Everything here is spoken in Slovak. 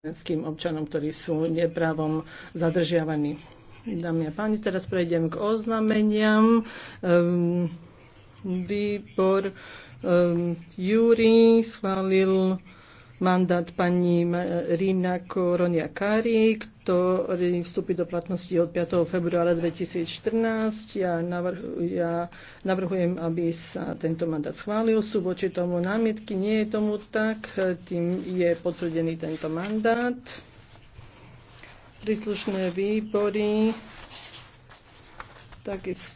slovenským občanom, ktorí sú neprávom zadržiavaní. Dámy a páni, teraz prejdem k oznameniam. Um, ehm, výbor um, Júri schválil mandát pani Rina Koroniakári, ktorý vstúpi do platnosti od 5. februára 2014. Ja, navrh, ja navrhujem, aby sa tento mandát schválil. Sú voči tomu námietky? Nie je tomu tak. Tým je potvrdený tento mandát. Príslušné výbory takisto